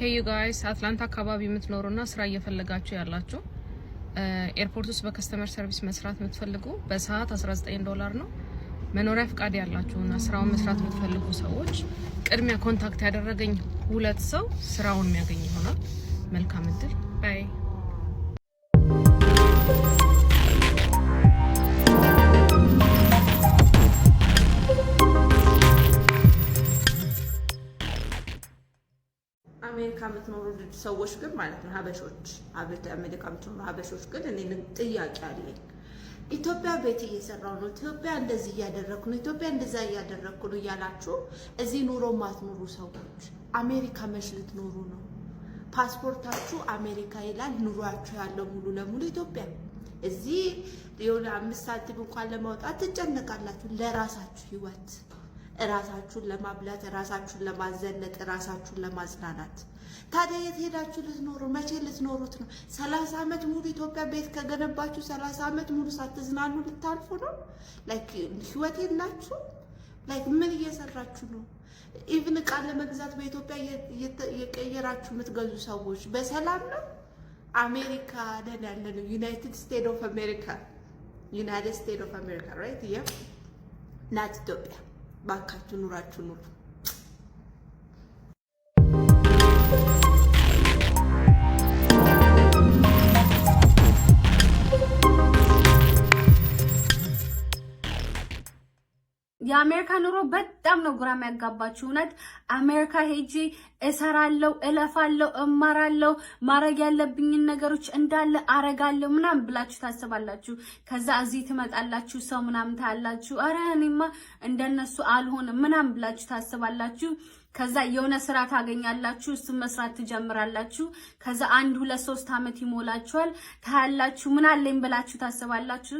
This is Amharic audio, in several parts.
ሄይ ዩ ጋይስ አትላንታ አካባቢ የምትኖሩና ስራ እየፈለጋችሁ ያላችሁ ኤርፖርት ውስጥ በከስተመር ሰርቪስ መስራት የምትፈልጉ በሰዓት 19 ዶላር ነው። መኖሪያ ፍቃድ ያላችሁና ስራውን መስራት የምትፈልጉ ሰዎች ቅድሚያ ኮንታክት ያደረገኝ ሁለት ሰው ስራውን የሚያገኝ ይሆናል። መልካም እድል ባይ አሜሪካ የምትኖሩ ሰዎች ግን ማለት ነው ሀበሾች አሜሪካ የምትኖሩ ሀበሾች ግን እኔ ጥያቄ አለኝ። ኢትዮጵያ ቤት እየሰራው ነው፣ ኢትዮጵያ እንደዚህ እያደረግኩ ነው፣ ኢትዮጵያ እንደዛ እያደረግኩ ነው እያላችሁ እዚህ ኑሮ ማትኖሩ ሰዎች አሜሪካ መች ልትኖሩ ነው? ፓስፖርታችሁ አሜሪካ ይላል። ኑሯችሁ ያለው ሙሉ ለሙሉ ኢትዮጵያ። እዚህ የሆነ አምስት ሳንቲም እንኳን ለማውጣት ትጨነቃላችሁ ለራሳችሁ ህይወት ራሳችሁን ለማብላት፣ ራሳችሁን ለማዘነጥ፣ ራሳችሁን ለማዝናናት። ታዲያ የት ሄዳችሁ ልትኖሩ መቼ ልትኖሩት ነው? ሰላሳ ዓመት ሙሉ ኢትዮጵያ ቤት ከገነባችሁ ሰላሳ ዓመት ሙሉ ሳትዝናኑ ልታልፉ ነው? ላይክ ህይወት የላችሁ። ላይክ ምን እየሰራችሁ ነው? ኢቭን እቃ ለመግዛት በኢትዮጵያ የቀየራችሁ የምትገዙ ሰዎች በሰላም ነው? አሜሪካ ደን ያለ ነው። ዩናይትድ ስቴት ኦፍ አሜሪካ ዩናይትድ ስቴት ኦፍ አሜሪካ ራይት ናት ኢትዮጵያ ባካችሁ ኑራችሁ ኑሩ። የአሜሪካ ኑሮ በጣም ነው ግራ የሚያጋባችሁ። እውነት አሜሪካ ሄጂ እሰራለው እለፋለው፣ እማራለው ማድረግ ያለብኝን ነገሮች እንዳለ አረጋለሁ ምናምን ብላችሁ ታስባላችሁ። ከዛ እዚህ ትመጣላችሁ፣ ሰው ምናምን ታያላችሁ፣ አረ እኔማ እንደነሱ አልሆንም ምናምን ብላችሁ ታስባላችሁ። ከዛ የሆነ ስራ ታገኛላችሁ፣ እሱም መስራት ትጀምራላችሁ። ከዛ አንድ ሁለት ሶስት አመት ይሞላችኋል። ታያላችሁ፣ ምን አለኝ ብላችሁ ታስባላችሁ።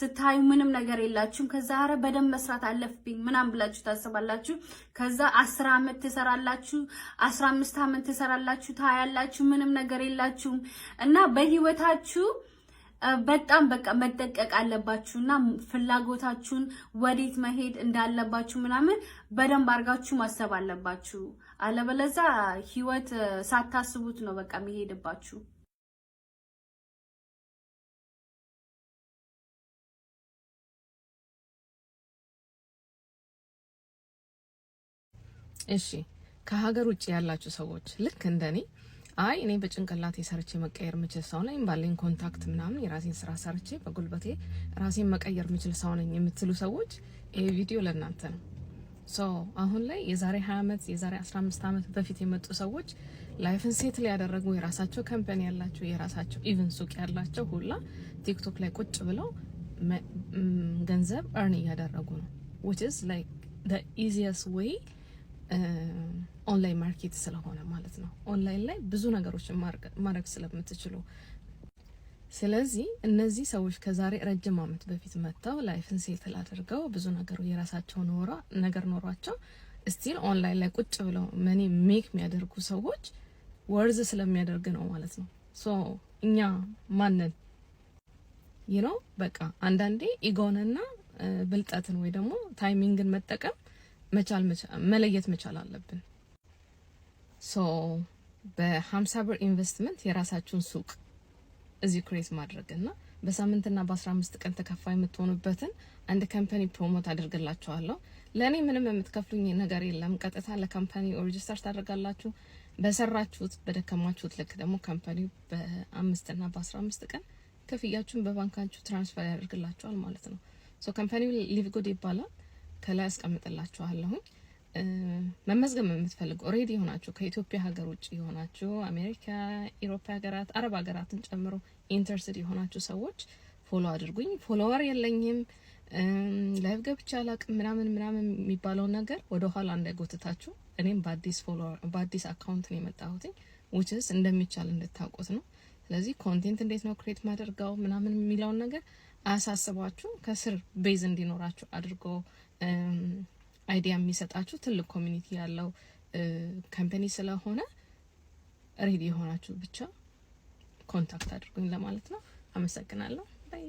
ስታዩ ምንም ነገር የላችሁም። ከዛ አረ በደንብ መስራት አለፍብኝ ምናም ብላችሁ ታስባላችሁ። ከዛ አስር አመት ትሰራላችሁ፣ አስራ አምስት አመት ትሰራላችሁ። ታያላችሁ፣ ምንም ነገር የላችሁም እና በህይወታችሁ በጣም በቃ መጠቀቅ አለባችሁ እና ፍላጎታችሁን ወዴት መሄድ እንዳለባችሁ ምናምን በደንብ አድርጋችሁ ማሰብ አለባችሁ። አለበለዛ ህይወት ሳታስቡት ነው በቃ የሚሄድባችሁ። እሺ ከሀገር ውጭ ያላችሁ ሰዎች ልክ እንደኔ አይ እኔ በጭንቅላቴ ሰርቼ መቀየር የምችል ሰው ነኝ፣ ባለኝ ኮንታክት ምናምን የራሴን ስራ ሰርቼ በጉልበቴ ራሴን መቀየር የምችል ሰው ነኝ የምትሉ ሰዎች ይህ ቪዲዮ ለእናንተ ነው። ሶ አሁን ላይ የዛሬ 20 ዓመት የዛሬ 15 ዓመት በፊት የመጡ ሰዎች ላይፍን ሴት ላይ ያደረጉ የራሳቸው ከምፐኒ ያላቸው የራሳቸው ኢቨን ሱቅ ያላቸው ሁላ ቲክቶክ ላይ ቁጭ ብለው ገንዘብ እርን እያደረጉ ነው which is like the easiest way ኦንላይን ማርኬት ስለሆነ ማለት ነው። ኦንላይን ላይ ብዙ ነገሮችን ማድረግ ስለምትችሉ፣ ስለዚህ እነዚህ ሰዎች ከዛሬ ረጅም ዓመት በፊት መጥተው ላይፍን ሴትል አድርገው ብዙ ነገሩ የራሳቸው ነገር ኖሯቸው ስቲል ኦንላይን ላይ ቁጭ ብለው መኔ ሜክ የሚያደርጉ ሰዎች ወርዝ ስለሚያደርግ ነው ማለት ነው። ሶ እኛ ማንን ይህ በቃ አንዳንዴ ኢጎንና ብልጠትን ወይ ደግሞ ታይሚንግን መጠቀም መለየት መቻል አለብን። ሶ በሀምሳ ብር ኢንቨስትመንት የራሳችሁን ሱቅ እዚህ ክሬት ማድረግ እና በሳምንትና በአስራ አምስት ቀን ተከፋይ የምትሆኑበትን አንድ ካምፓኒ ፕሮሞት አድርግላችኋለሁ። ለእኔ ምንም የምትከፍሉኝ ነገር የለም። ቀጥታ ለካምፓኒ ሬጅስተር ታደርጋላችሁ። በሰራችሁት በደከማችሁት ልክ ደግሞ ካምፓኒ በአምስትና በአስራ አምስት ቀን ክፍያችሁን በባንካችሁ ትራንስፈር ያደርግላችኋል ማለት ነው። ሶ ካምፓኒው ሊቭ ጉድ ይባላል። ከላይ አስቀምጥላችኋለሁኝ። መመዝገብ የምትፈልጉ ኦሬዲ የሆናችሁ ከኢትዮጵያ ሀገር ውጭ የሆናችሁ አሜሪካ፣ ኢሮፓ ሀገራት፣ አረብ ሀገራትን ጨምሮ ኢንተርስድ የሆናችሁ ሰዎች ፎሎ አድርጉኝ። ፎሎወር የለኝም ላይቭ ገብቻ አላቅም ምናምን ምናምን የሚባለውን ነገር ወደ ኋላ እንዳይጎትታችሁ። እኔም በአዲስ ፎሎወር በአዲስ አካውንት ነው የመጣሁትኝ ውችስ እንደሚቻል እንድታውቁት ነው። ስለዚህ ኮንቴንት እንዴት ነው ክሬት ማደርገው ምናምን የሚለውን ነገር አያሳስባችሁ ከስር ቤዝ እንዲኖራችሁ አድርጎ አይዲያ የሚሰጣችሁ ትልቅ ኮሚኒቲ ያለው ካምፓኒ ስለሆነ ሬዲ የሆናችሁ ብቻ ኮንታክት አድርጉኝ ለማለት ነው። አመሰግናለሁ። ባይ